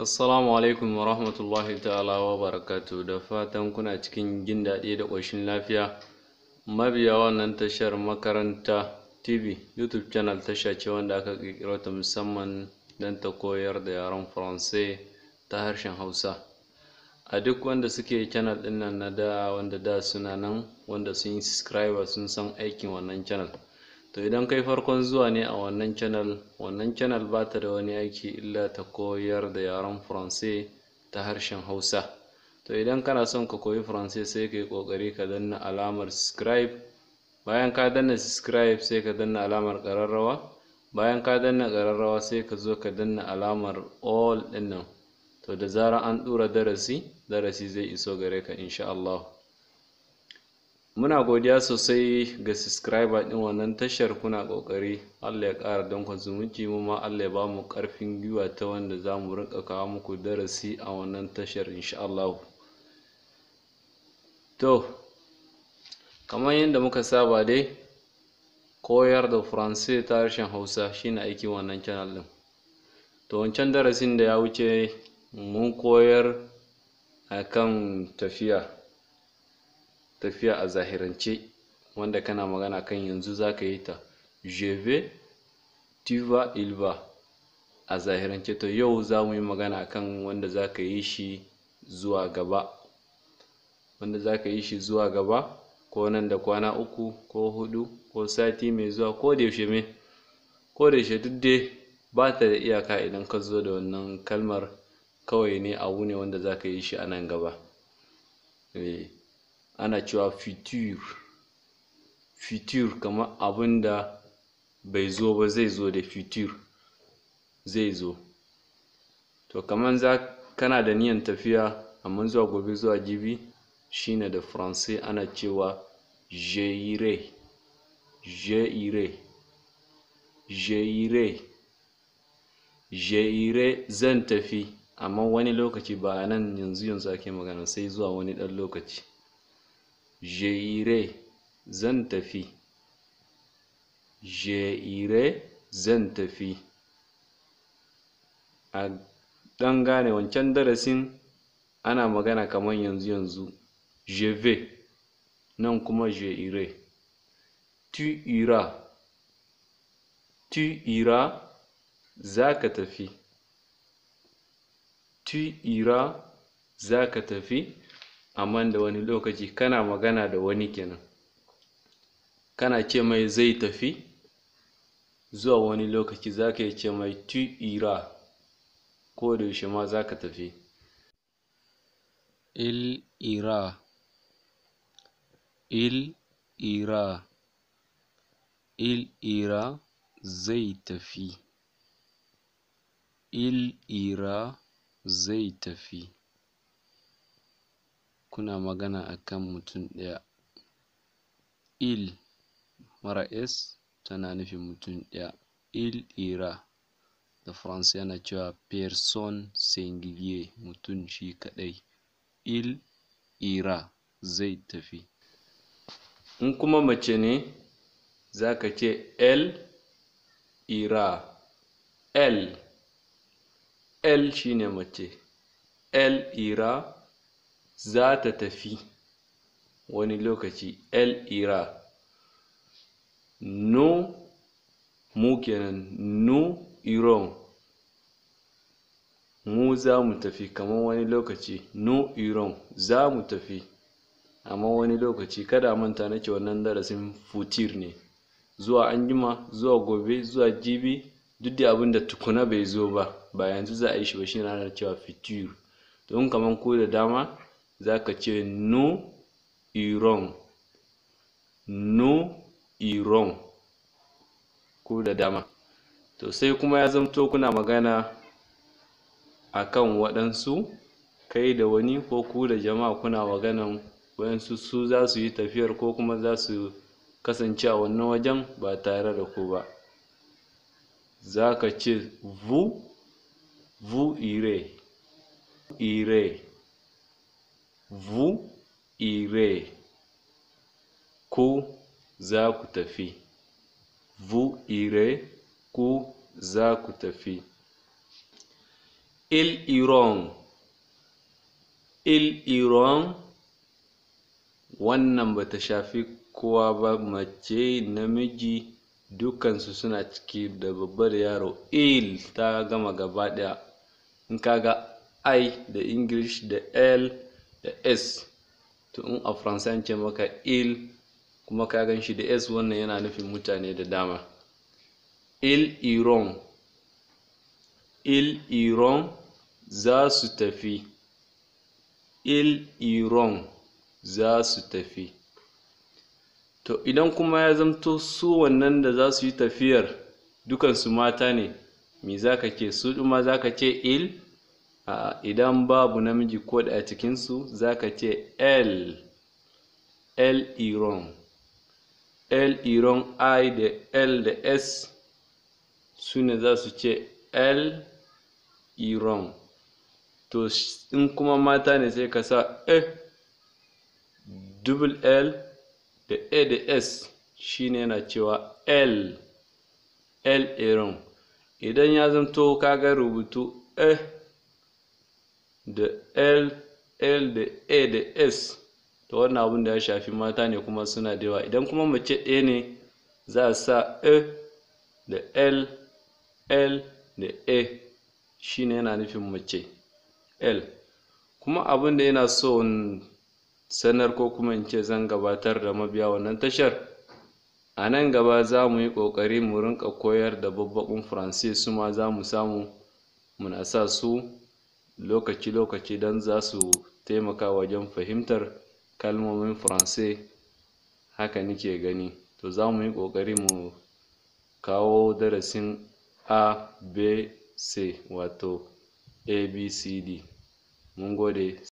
Assalamu alaikum wa rahmatullahi ta'ala wa barakatu da fatan kuna cikin jin daɗi da ƙoshin lafiya. Mabiya wannan tashar makaranta TV YouTube channel tasha ce wanda aka ƙirƙiro ta musamman don ta koyar da yaren Faransai ta harshen Hausa. A duk wanda suke channel ɗin nan na da wanda da suna nan wanda sun yi subscriber sun san aikin wannan channel. to idan kai farkon zuwa ne a wannan channel wannan channel ba ta da wani aiki illa ta koyar da yaren faransai ta harshen hausa to idan kana son ka koyi faransai sai ka yi ƙoƙari ka danna alamar subscribe bayan ka danna subscribe sai ka danna alamar ƙararrawa bayan ka danna ƙararrawa sai ka zo ka danna alamar all ɗin to da zarar an ɗora darasi darasi zai iso gare ka insha Allah muna godiya sosai ga subscriber din wannan tashar kuna kokari Allah ya ƙara dankon zumunci mu ma Allah ya bamu karfin giwa ta wanda za mu rinka kawo muku darasi a wannan tashar insha Allah to kamar yadda muka saba dai koyar da faransai ta harshen Hausa shine aiki wannan channel din to wancan darasin da ya wuce mun koyar akan tafiya tafiya a zahirance wanda kana magana kan yanzu za ka yi ta je tiva tu a zahirance to yau za mu yi magana kan wanda za ka yi shi zuwa gaba wanda za ka yi shi zuwa gaba ko nan da kwana uku ko hudu ko sati mai zuwa ko da yaushe me ko da yaushe duk dai ba ta da iyaka idan ka zo da wannan kalmar kawai ne abu ne wanda za ka yi shi a nan gaba eh. ana cewa future future kamar abin da bai zo ba zai zo da future zai zo to kamar za kana da niyan tafiya amma zuwa gobe zuwa jibi shine da faransai ana cewa j'irai j'irai j'irai j'irai zan tafi amma wani lokaci ba nan yanzu yanzu ake magana sai zuwa wani ɗan lokaci Je'ire zan tafi. Je'ire zan tafi. A ɗan gane wancan darasin ana magana kamar yanzu yanzu. Je Nan kuma je ire. Tu ira. Tu ira Za ka tafi. Tu ira Za ka tafi. amma da wani lokaci kana magana da wani kenan kana ce mai zai tafi zuwa wani lokaci za ka ce mai tu ira ko da yaushe ma za ka tafi il ira il ira il ira zai tafi il ira zai tafi kuna magana akan mutum ɗaya il mara s tana nufin mutum ɗaya il ira da faransa yana cewa person singulier mutum shi kadai il ira zai tafi in kuma mace ne za ka ce el ira el el shine mace el ira za ta tafi wani lokaci el ira no mu kenan nu iron mu za mu tafi kamar wani lokaci nu iron za mu tafi amma wani lokaci kada manta na nake wannan darasin futir ne zuwa anjima zuwa gobe zuwa jibi duk da abin da tukuna bai zo ba ba yanzu za a yi shi ba shi ranar cewa fitir don kamar ko da dama za ka ce nu iron nu iron ku da dama to sai kuma ya zamto kuna magana akan waɗansu kai da wani ko ku da jama'a kuna maganan waɗansu su za su yi tafiyar ko kuma za su kasance a wannan wajen ba tare da ku ba za ka ce vu vu ire ire. vous irez ku za ku tafi vous irez ku za ku tafi wannan bata shafi kowa ba mace namiji dukansu suna ciki da babbar yaro il ta gama gaba daya in kaga i da english da l da s to in a faransanci maka il kuma ka gan shi da s wannan yana nufin mutane da dama il iran il iran za su tafi il iran za su tafi to idan kuma ya zamto su wannan da za su yi tafiyar dukansu mata ne me za ka ce su ɗuma za ka ce il idan babu namiji ko da a cikinsu za ka ce l l iron l iron i da l da s su ne za su ce l iron to in kuma mata ne sai ka sa e double l da a da s shine yana cewa l l iron idan ya zanto kaga rubutu eh da l l da a da s to wannan abin da ya shafi mata ne kuma suna da yawa idan kuma mace ɗaya ne za a sa e da l l da a shine yana nufin mace l kuma abin da yana so sanar ko kuma in ce zan gabatar da mabiya wannan tashar a nan gaba za mu yi ƙoƙari mu rinƙa koyar da babbaƙun Faransai su ma za mu samu muna sa su lokaci-lokaci don za su taimaka wajen fahimtar kalmomin faransai haka nike gani to za mu yi ƙoƙari mu kawo darasin a b c wato abcd mun gode